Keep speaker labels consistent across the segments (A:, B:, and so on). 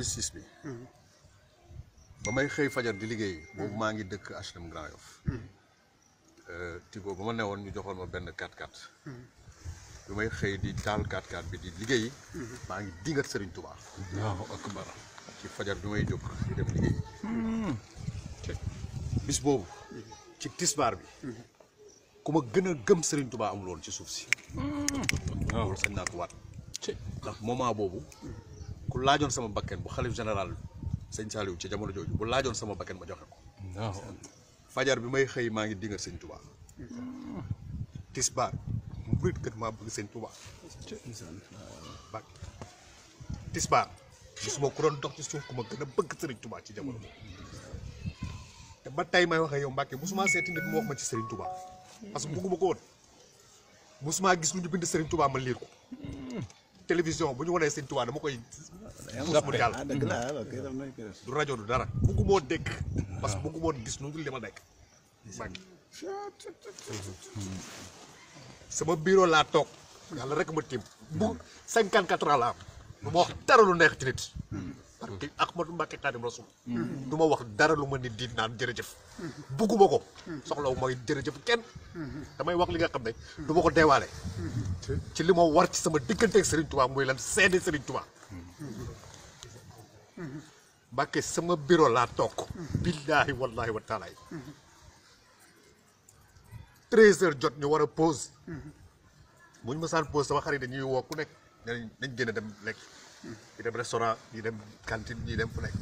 A: 2006 bi. ba may xëy fajar di liggéey. boobu maa ngi dëkk HLM Grand Yoff. Euh, Tigo ba ma newoon ñu joxoon benn 4x4. may xëy di taal bi di liggéey. maa ngi dingat Serigne Touba. ci fajar bi may jóg di hmm. bis boobu. ci tisbaar bi. ku ma gën gëm sëriñ tubaa amul woon ci suuf si.
B: Hmm.
A: waaw boobu. ku laajoon sama bakken bu xalif général sëñ Saliou ci jamono jooju bu laajoon sama bakken ma joxe ko. fajar bi may xëy maa ngi dinga sëñ Touba. Tisbaar murit kat maa bëgg sëñ Touba. Tisbaar gisuma ku doon dox ci suuf ku ma gën a bëgg sëriñ Touba ci jamono te ba tey may waxee yow Mbacke mosuma seeti nit mu wax ma ci seen Touba parce que bëgguma ko woon mosuma gis lu ñu bind sëriñ Touba ma liir ko télévision bu ñu wanee sëriñ Touba dama koy. jàppale ah dëgg la ah kay dama du rajo du dara bëggu moo dégg. parce que bëggu moo gis nu dul li ma nekk. rek ma tiim bu cinquante iya. quatre ans la am. du ma wax dara lu neex ci nit. Hmm. parce que Ahmadou Mbacké Khadim hmm. Rasoul. du wax dara lu ma nit di naan jërëjëf. Hmm. bugguma ko. soxlawu ma jërëjëf kenn. damay wax li nga xam ne. du ma ko deewaale. ci li ma war ci sama digganteeg Serigne Touba muy lan seede Serigne Touba. Mbàkke sama biro laa toog. billaahi wallaahi wa taalaay. treize heures jot ñu war a pause. bu ñu mësaan pause sama xarit dañuy woo ku nekk dañ gën a dem lekk. ñu dem restaurant ñu dem cantine ñu dem fu nekk.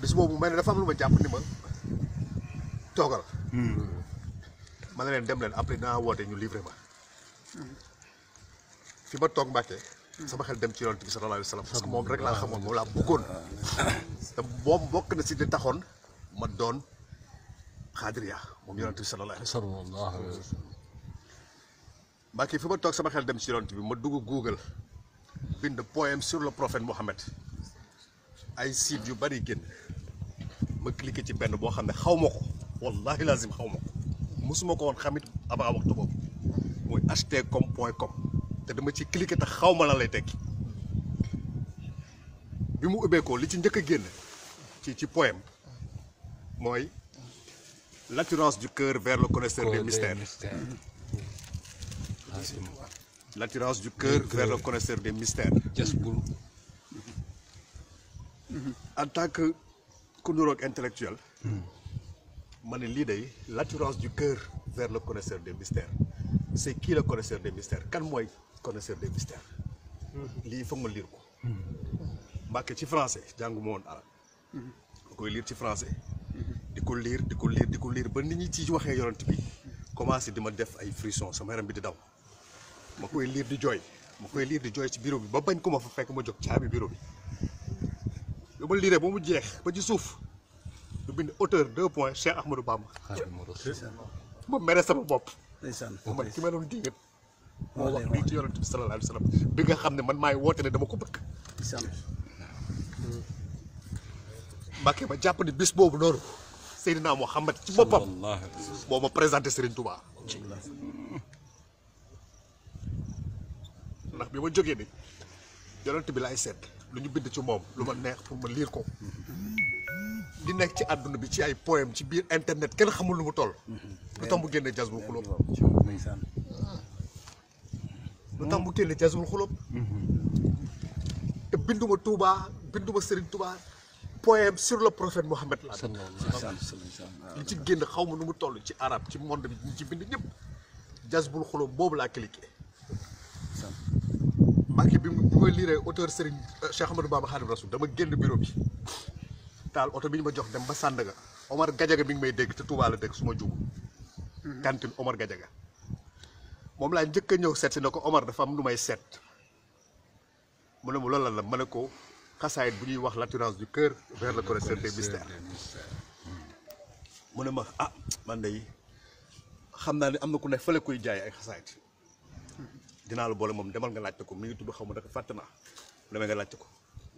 A: bis boobu mel ne dafa am lu ma jàpp ni ma toogal. ma ne leen dem leen après naa woote ñu livré ma. fi ma toog Mbàkke. sama xel dem ci yonent bi sallallahu alayhi wa moom rek laa xamoon moom laa bëggoon moom bokk na si di taxoon ma doon xaadiriya moom yonent bi sallallahu alayhi wa sallam fi ma toog sama xel dem ci yonent bi ma dugg Google bind poème sur le prophète Mohammed ay sites yu bari génn ma cliqué ci benn boo xam ne xawma ma ko wallahi lazim xaw ko mosuma ko woon xamit avant waxtu boobu muy ht com com te dama ci cliquer sur xawma lan lay tek bi mu ko li ci a ci ci poème moy l'attirance du cœur vers le connaisseur des mystères l'attirance du cœur vers le connaisseur des mystères en tant que intellectuel mané li l'attirance du cœur vers le connaisseur des mystères c'est qui le connaisseur des mystères connaisseur des mystères mm-hmm. lii foog ma liir ko mm-hmm. Mbàkke ci français jàngu ma woon arab
B: ma mm-hmm.
A: koy lire ci français di ko liir di ko liir di ko lire ba nit ñi ci waxee yonent bi commencé di ma def ay frisson sama yaram bi di daw ma koy lire di jooy ma koy liir di jooy ci biiro bi ba bañ ko ma fa fekk ma jóg caabi bureau bi ba ma liiree ba mu jeex ba ci suuf lu bind de point points Cheikh Ahmadou Bamba ma mere sama bopp man ki ma doon dingat moo wax lii ci yonent bi sallallahu alayhi bi nga xam ne man maay woote ne dama ko bëgg. Mbàkke ma jàpp ne bis boobu noonu Seydina Mouhamed ci boppam moo ma présenté Serigne Touba. ndax bi ma jógee ni yonent bi laay seet lu ñu bind ci moom lu ma neex pour ma liir ko li nekk ci àdduna bi ci ay poème ci biir internet kenn xamul lu mu toll. Mm-hmm. lu tax mu génnee jazz bu xulóom. lu tax mu génne Jazbul Xulub te binduma Touba binduma Serigne Touba poème sur le prophète Mohammed la li ci génn xaw ma nu mu toll ci arab ci monde bi ñu ci bind ñëpp Jazbul Xulub boobu laa cliqué bi bi ma liiree auteur Serigne euh, Cheikh Ahmadou Bamba Khadim dama génn bureau bi taal oto bi ñu ma jox dem ba Sandaga Omar Gajaga bi ngi may dégg te Touba la dégg su ma jug cantine mm-hmm. Omar Gajaga moom laa njëkk a ñëw seet si ne ko Omar dafa am lu may seet mu ne mu loolu la ma ne ko xasaayit bu ñuy wax l'attirance du cœur vers le connaisseur des ne ma ah man de xam naa ne am na ku ne fële kuy jaay ay xasaayit dinaa la boole moom demal nga laajte ko mi ngi tudd xaw ma naka fàtte naa demee nga laajte ko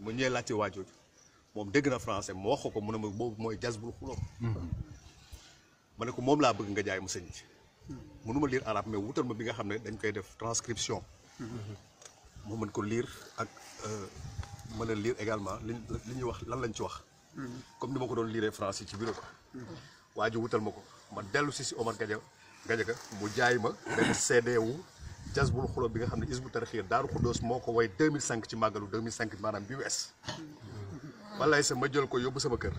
A: mu ñëwee laajte waajooju moom dégg na français mu wax ko mu ne ma boobu mooy jazbul xuloo mm-hmm. ma ne ko moom laa bëgg nga jaay mu sëñ mënuma liir arabe mais wutal ma bi nga xam ne dañ koy def transcription moo mën ko liir ak euh, mën a lire également li li ñuy wax lan lañ ci wax comme ni ma ko doon lire français ci bureau ba waa ji wutal ma ko ma dellu si si Omar Gaja ga mu jaay ma benn CD wu Jazbul Xulóob bi nga xam ne Hizbut Tarqiyyah ko Xuddoos moo ko way 2005 ci màggalu 2005 maanaam bi wees walaay sa ma jël ko yóbbu sama kër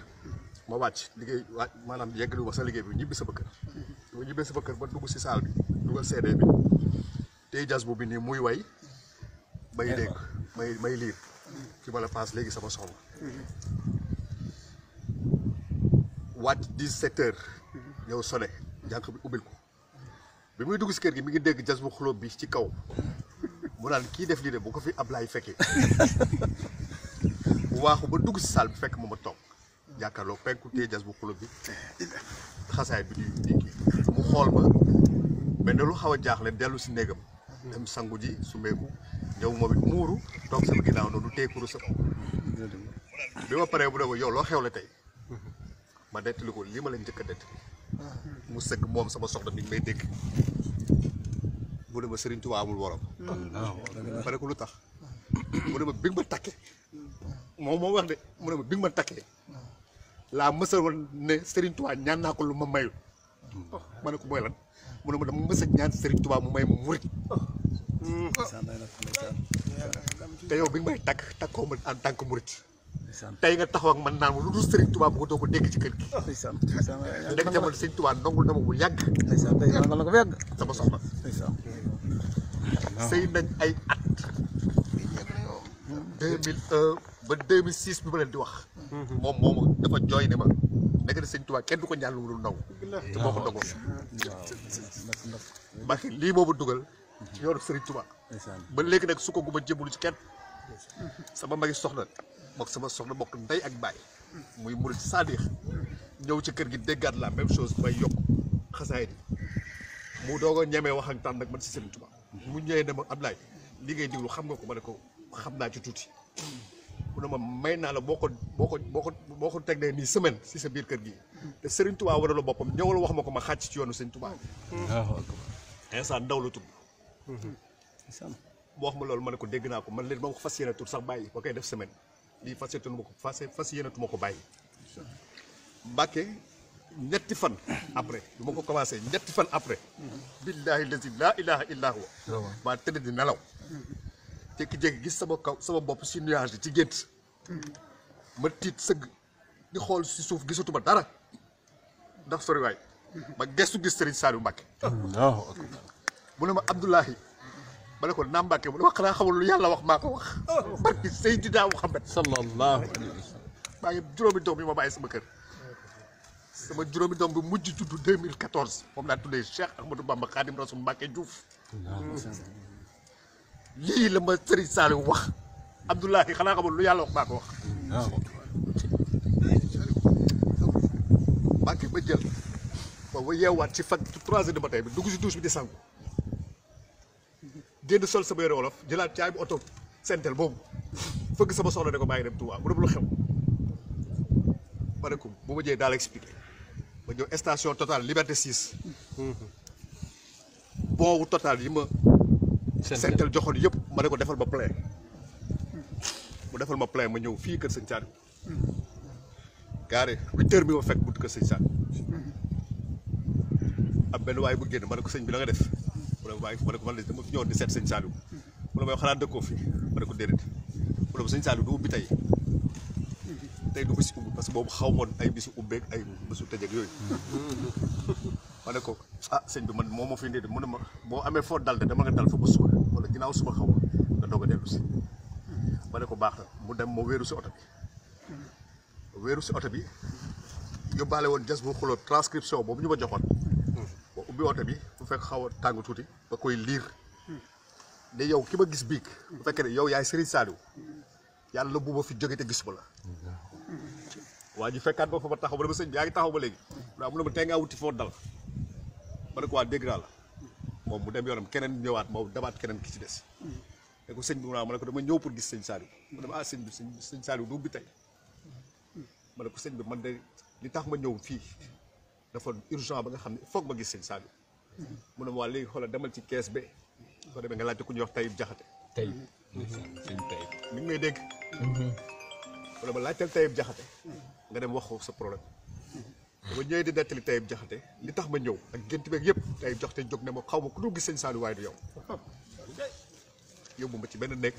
A: ma wàcc liggéey wàcc maanaam yeggali ma sa liggéey bi ñibbi sama kër bu ñu ñibbee ba kër ba dugg si saal bi dugal CD jas bu bi nii muy way may dégg may may liir ki ma paas léegi sama soxla wàcc di sept ñëw sone jànq bi ubbil ko bi muy dugg si kër gi mi ngi dégg jas bu xulóob bi ci kaw mu naan kii def lii de bu ko fi ab Ablaay fekkee bu waaxu ba dugg si saal bi fekk moom a toog jàkkaarloo penku tey jas bu xulóob bi xasaay bi di xool ma benn lu xaw a jaaxle dellu si néegam dem sangu ji su meeku ñëw moom it muuru toog sama ginnaaw noonu du teekuru sa bi ma paree bu dee yow loo xewle lii ma leen njëkk a nettali mu sëgg moom sama soxna mi ngi may dégg mu ne ma Serigne Touba amul worom ma ne ko lu tax mu ne ma bi ma takkee moom moo wax de mu ne ma bi ma takkee laa mësal woon ne Serigne Touba ñaan naa ko lu ma mayul ma ne ko mooy lan mu a ma dama mës a ñaan Serigne Touba mu may murit te yow bi nga may takk takkoo ma en tant que murit tey nga taxaw ak man naan ma lu dul Serigne Touba bu ko doo ko dégg ci kër gi. dégg jamono Serigne Touba nangul na ma bu yàgg. nangul na ko yàgg sama soxna. sëy nañ ay at. 2001 ba 2006 bi ma leen di wax. Mm-hmm. moom moomu dafa jooy ne ma. nekk na sëñ Tuubaa kenn du ko ñaan lu mu nangu te moo ko nangoo ah, mbaa lii moomu dugal ci yoonu sëriñ Tuubaa ba léegi nag su ko guma jëmbalu ci kenn sama magi soxna mook sama soxna bokk ndey ak baay muy murit saadix ñëw ci kër gi déggaat la même chose may yokk xasaay mu doog a ñemee wax ak tànn nag man si sëriñ Tuubaa mu ñëwee ne ma Ablaye li ngay déglu xam nga ko ma ne ko xam naa ci tuuti mu may naa la boo ko boo ko boo ko boo ko teg nii semaine si sa biir kër gi te Serigne Touba waralu boppam ñëwal wax ma ko ma xàcc ci yoonu Serigne Touba. waaw instant ndaw la tudd. boo wax ma loolu ma ne ko dégg naa ko man leen ma ko fas yéene tur sax bàyyi ba koy def semaine lii fas yéene ma ko fas fas yéene ma ko bàyyi. Mbàkke ñetti fan après bi ma ko commencé ñetti fan après. billaahi lazi laa ilaaha huwa. maa tëdd di nelaw. jékki-jékki gis sama kaw sama bopp si nuage ci gént ma tiit sëgg di xool si suuf ma dara ndax soriwaay ma gestu gis Serigne Saliou Mbacke mu ne ma Abdoulahi ma ne ko naam Mbacke mu ne ma xanaa xamul lu yàlla wax maa ko wax barki Seydina Muhammad sallallahu alayhi wa sallam maa ngi doom yi ma bàyyi sama kër sama juróomi doom bi mujj juddu 2014 moom laa tuddee Cheikh Ahmadou Bamba Khadim Rasoul Mbacke Diouf lii la ma sëriñ Saliou wax Abdoulahi xanaa xamul lu yàlla wax maa ko wax bàkki ba jël boobu yeewaat ci fag trois heures de matin bi dugg si douche bi di sangu génn sol sama yore wolof jëlaat caay bu oto sentel boobu fëgg sama soxla ne ko maa ngi dem Touba bu dem lu xew ma bu ma station Total Liberté 6 boobu Total yi sentel joxoon yëpp ma ne ko defal ma plein mu defal ma plein ma ñëw fii kër sëñ Saaliw gaare huit heures bi ma fekk bunt kër sëñ Saaliw am benn waaye bu génn ma ne ko sëñ bi la def mu ne ma waaye ma ne ko man de dama fi ñëwoon di seet sëñ Saaliw mu ne ma xanaa dëkkoo fi ma ne ko déedéet mu ne ma sëñ Saaliw du ubbi tey tey du bési ubbi parce que boobu xaw moon ay bisu ubbeeg ay bésu tëjëg yooyu mané ko ah sëñ bi man momo fi indi mu ma boo dal de dama nga dal fo ko suba wala ginaaw suba xaw nga doog a ci mané ko baax mu dem mo wéru ci auto bi wéru ci auto bi yóbbaale won jas bu xolo transcription bobu ñu ma joxoon ba ubbi auto bi fu fek xaw a tuti tuuti ba koy lire ne yow ki gis bik bu fekkee ne yow yaay Serigne salou yalla bu ma fi jóge te gisuma la waa fekkat ba fa taxaw ba ne bi yaa taxaw ba léegi am na ma tenga wuti fo dal ma ne ko waa dégg naa la moom mu dem yoonam keneen ñëwaat ma dabaat keneen ki ci des ne ko sëñ bi ma ne ko dama ñëw pour gis sëñ Saliou mu dem ah sëñ sëñ Saliou du bi tey ma ne sëñ bi man de li tax ma ñëw fii dafa urgent ba nga xam ne foog ma gis sëñ Saliou mu ne ma waa léegi xoolal demal ci kees be soo demee nga laajte ku ñuy wax Tayib Jaxate tey sëñ Tayib mi ngi may dégg mhm. mu ne ma laajteel Tayib Jaxate nga dem wax ko sa problème dama ñëwee di nettali Taïb Jaxate li tax ma ñëw ak gént beeg yëpp Taïb Jaxate jóg ne ma xaw ma ku dul gis sëñ Saliou waaye du yow yóbbu ma ci benn nekk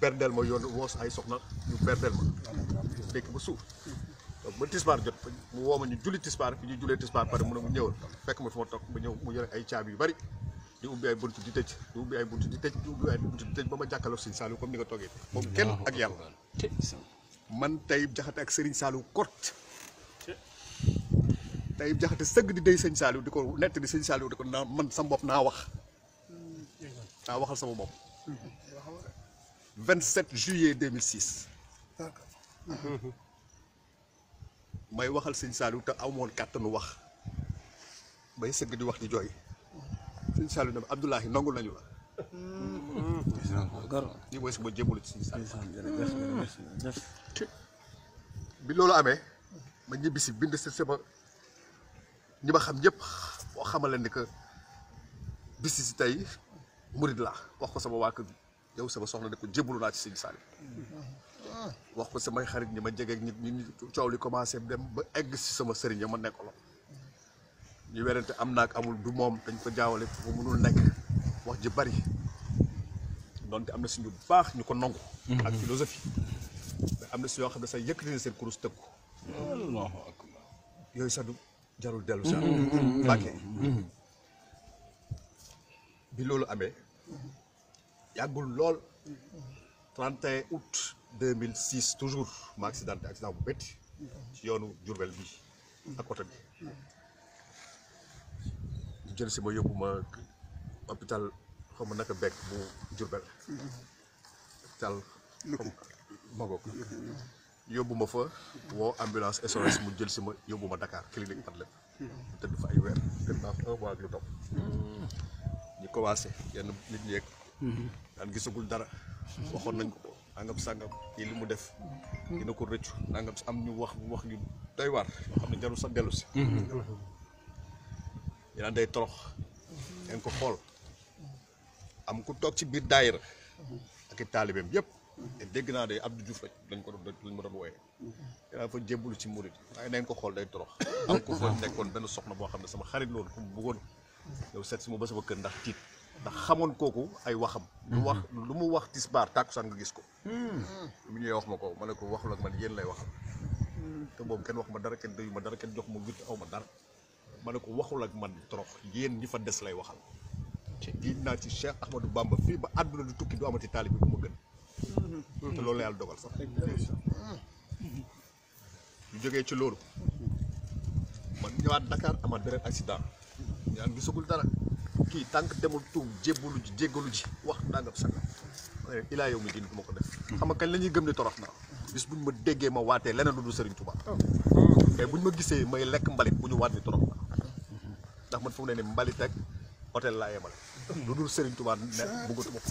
A: berdel ma yoon woos ay soxna ñu berdel ma fekk ba suuf donc ba woo ma ñu julli tisbaar fi ñu jullee tisbaar pare mu ne mu ñëwal fekk ma fi ma toog ma ñëw mu yore ay caabi yu bari di ubbi ay buntu di tëj di ubbi ay buntu di tëj di ba ma jàkkaarloo Sëriñ Saliou comme ni nga toogee moom kenn ak yàlla man Taïb Jaxate ak Sëriñ Saliou Taïb Diakhaté sëgg di dey sëñ Saliou di ko nett di sëñ Saliou di ko naa man sama bopp naa wax naa waxal sama bopp 27 juillet 2006 may waxal sëñ Saliou te amoon kàttanu wax may sëgg di wax di jooy sëñ Saliou ne Abdoulahi nangul nañu la lii mooy sama jébbalu ci si sama ñi ma xam ñëpp boo xamal leen ni que bis si tey murid laa wax ko sama waa kër yow sama soxna ne ko jébbalu naa ci Sëñ Saaliw wax ko samay xarit ñi ma jegeeg ñi ñu coow li commencé dem ba egg si sama sëriñ ya ma nekkaloon ñu werante am naag amul du moom dañ ko jaawale fu mënul nekk wax ji bari donte am na si ñu baax ñu ko nangu. ak mhm. philosophie. mais am na si yoo xam ne sax yëkkati na seen kurus tëgg ko. yooyu sax du. jarul dellu si mm-hmm. mm-hmm. Mbàkke mm-hmm. bi loolu amee yàggul lool 31 août 2006 toujours ma accidenté accident bu métti ci yoonu Diourbel bi ak oto bi ñu jël si ma yóbbu ma hôpital xaw naka bekk bu Diourbel hôpital magoog yóbbu ma fa woo ambulance SOS mu jël si ma Dakar clinique pat la tëdd fa ay weer tëdd naa fa un mois ak lu topp ñu commencé yenn nit ñeeg daan gisagul dara waxoon nañ ko nangam sàngam kii li def dina ko rëccu nangam am ñu wax wax ñu doy waar day torox ko am ku ci ak te dégg naa de Abdou Diouf rek lañ ko lañ ma doon wooyee dinaa fa jébbalu ci murit waaye nañ ko xool day torox am ko fa nekkoon benn soxna boo xam ne sama xarit loolu ku mu bëggoon yow seet si ma ba sama kër ndax tiit ndax xamoon kooku ay waxam lu wax lu mu wax tisbaar tàkkusaan nga gis ko mu ñëwee wax ma ko ma ne ko waxul ak man yéen lay waxal te boobu kenn wax ma dara kenn doyu ma dara kenn jox ma witt aw ma dara ma ne ko waxul ak man torox yéen ñi fa des lay waxal giñ naa ci Cheikh Ahmadou Bamba fii ba àdduna du tukki du amati taalibi bu ma gën te loolu la yàlla dogal sax. ñu jógee ci loolu. man ñëwaat Dakar amaat beneen accident. yaa gisagul dara. kii tànk demul tuub jébbalu ji jéggalu ji wax nangam sangam. ma ne ilaa yow mi diin du ma ko def. xam nga kañ la ñuy gëm ni torox na. bis buñ ma déggee ma waatee leneen lu dul Serigne Touba. mais buñ ma gisee may lekk mbalit bu ñu waat ni torox na. ndax man fu mu ne nii mbalit rek hôtel laa yemale. lu dul sëriñ Touba ne bëggatuma ko.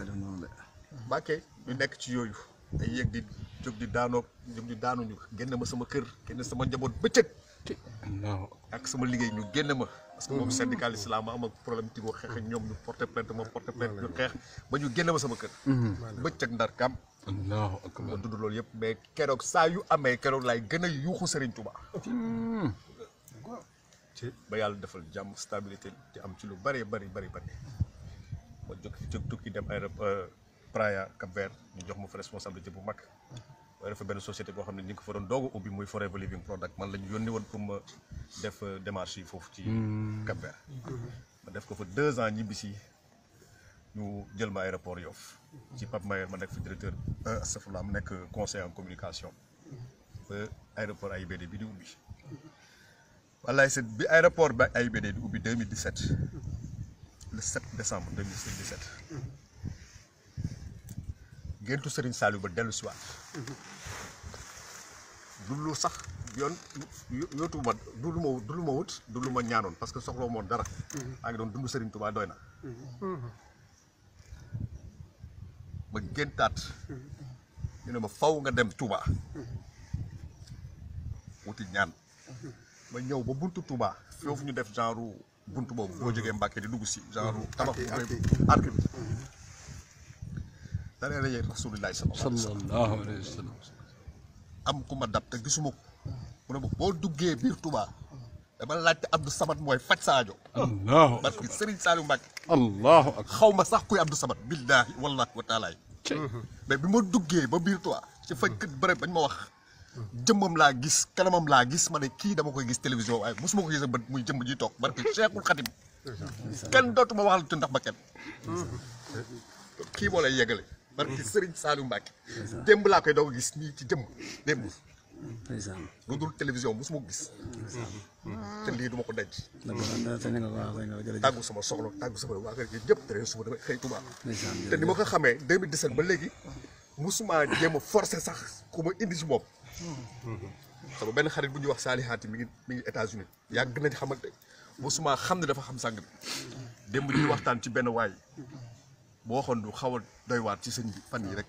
A: affaire yi nekk ci yooyu ay yéeg di jóg di daanoo jóg di daanuñu génn ma sama kër kenn sama njaboot bëccëg. ak sama liggéey ñu génn ma. parce que moom mm-hmm. syndicat islam ma am ak problème tigo xeex ak ñoom ñu porté plainte ma porté plainte ñu xeex ba ñu génn ma sama kër. Mm-hmm. bëccëg ndar kam. allahu ma dund loolu yëpp mais keroog saa yu amee keroog laay gën a yuuxu Serigne Touba. Mm-hmm. ba yàlla defal jàmm stabilité di am ci lu bëree bëri bëri ma jóg jóg tukki dem aéroport euh, Praia Cap Vert ñu jox ma fa responsabilité bu mag waaye dafa benn société boo xam ne ñu ko fa doon doog ubbi muy Forever Living Product man la ñu yónni woon pour ma def euh, démarche yi foofu ci hmm. Cap Vert ma def ko fa deux ans ñibbi si ñu jël ma aéroport Yoff ci Pape Mayor ma nekk fa directeur euh, astafurlah ma nekk conseil en communication ba aéroport AIBD bi di ubbi wallaay seen bi aéroport ba AIBD di ubbi 2017 le 7 décembre 2017 géntu Serigne Saliou ba delu ci wat du lu sax yoon yootu ma du lu ma du lu ma wut du lu ma ñaanon parce que soxlo mo dara ak ngi doon dund Serigne Touba doyna na ma tat ñu ne ma faw nga dem Touba wuti ñaan ma ñew ba buntu Touba fofu ñu def genre bunt boobu boo jógee Mbàkke di dugg si genre mm-hmm. tabax bu arc bi mm-hmm. dara rëyee rasulillahi sallallahu alayhi wa am ku ma dab te gisuma ko mu ne ma boo duggee biir Touba dama laajte Samad mooy faj saajo allahu parce que Serigne Saliou Mbàkke allahu xaw ma sax kuy Abdou Samad billaahi wallaahi wa taala mais bi ma duggee ba biir Touba ci faj kër bërëb bañ ma wax jëmmam laa gis kanamam laa gis ma ne kii dama koy gis télévision waaye mosuma ko gis bët muy jëmm ji toog barke Cheikhul Khadim kenn dootuma waxal tu ndax ba kenn kii moo yegale barke Serigne Saliou Mbacke démb laa koy doog gis nii ci jëmm démb lu dul télévision mosuma ko gis te lii du ma ko denc tàggu sama soxla tàggu sama waa kër gi ñëpp te suba damay xëy Tuubaa te ni ma ko xamee 2017 ba léegi mosuma jéem a forcé sax ku ma indi si moom sama benn xarit bu ñuy wax Salih Hatim mi ngi mi ngi États-Unis yàgg nañ xamante musuma xam ne dafa xam sàng bi démb ñuy waxtaan ci benn waay boo waxoon du xaw a doy waar ci sëñ bi fan yi rek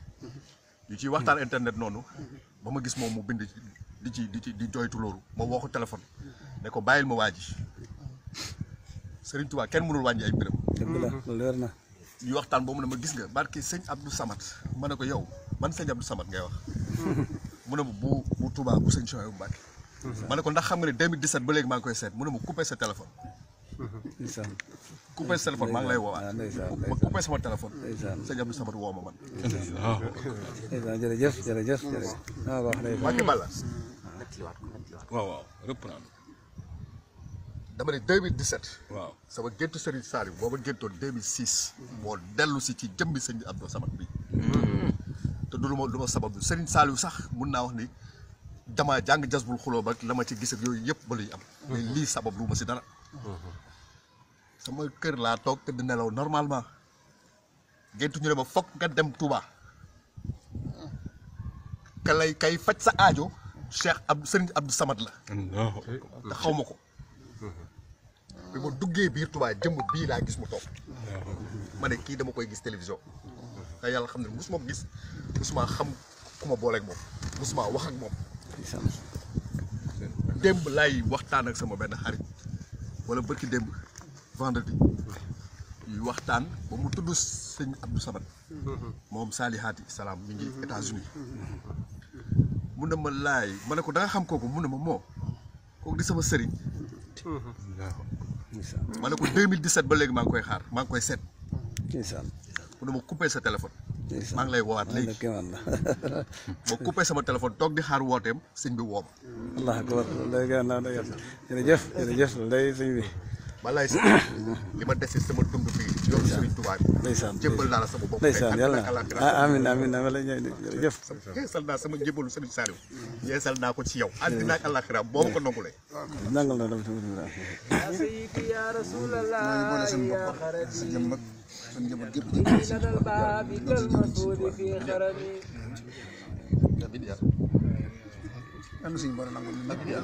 A: ñu ci waxtaan internet noonu ba ma gis moom mu bind di ci di ci di jooytu loolu ma woo ko téléphone ne ko bàyyil ma waa ji Sëriñ Tuubaa kenn mënul wàññi ay mbiram. dëgg na. ñu waxtaan boobu ne ma gis nga barke sëñ Abdou Samad ma ne ko yow man sëñ Abdou Samad ngay wax. mu ma bu bu Touba bu sëñ Souhaïbou Mbacké. ma ne ndax xam nga ne 2017 ba léegi maa ngi koy seet mu ne ma coupé sa téléphone. incha allah coupé sa téléphone maa ngi lay woowaat. Ah, ma coupé sama téléphone. incha allah sëñ Abdou Samad woo ma man. waaw.
B: jërëjëf jërëjëf jërëjëf. Ah, waaw waaw xale yi Mbacké Balla.
A: waaw waaw reprendre. dama ne 2017. waaw sama géntu bi hmm. te du ma du ma sabablu Serigne Saliou sax mun naa wax ni dama jàng jasbul xuloo ba la ma ci gis ak yooyu yëpp ba luy am. mais sabab lu ma si dara. sama kër laa toog te di nelaw normalement géntu ñu ma foog nga dem Touba. kalay kay faj sa aajo. Cheikh Ab Serigne Abdou Samad la. te xaw ma ko. bi ma duggee biir Touba jëmm bii laa gis mu toog. ma ne kii dama koy gis télévision. te yàlla xam ne musuma ko gis musuma xam ku ma booleek moom musuma wax ak moom. démb laay waxtaan ak sama benn xarit wala bërki démb vendredi ñuy waxtaan ba mu tudd sëñ Abdou Sabat moom Saalihaati salaam mi ngi États-Unis mun na ma laay ma ne ko da nga xam kooku mun na ma moo kooku di sama sëriñ ma ne ko 2017 ba léegi maa ngi koy xaar maa ngi koy seet mu ne ma coupé sa téléphone. maa ngi lay woowaat léegi ma coupé sama téléphone toog di xaar wooteem sëñ bi woo ma. allah akbar lay gën naa la jërëjëf jërëjëf lay sëñ bi. balaay si li ma dese sama dund fii yow Serigne Touba bi. ndeysaan jébbal naa la sama bopp. ndeysaan yàlla ah, amiin amiin amiin la ñuy jërëjëf. yeesal sama jébbalu Serigne Saliou. yeesal naa ko ci yow. àddina ak àllaaxira boo ma ko nangulee. nangal na dama tamit. suñu njaboot gépp ñu ngi leen di sant
B: di leen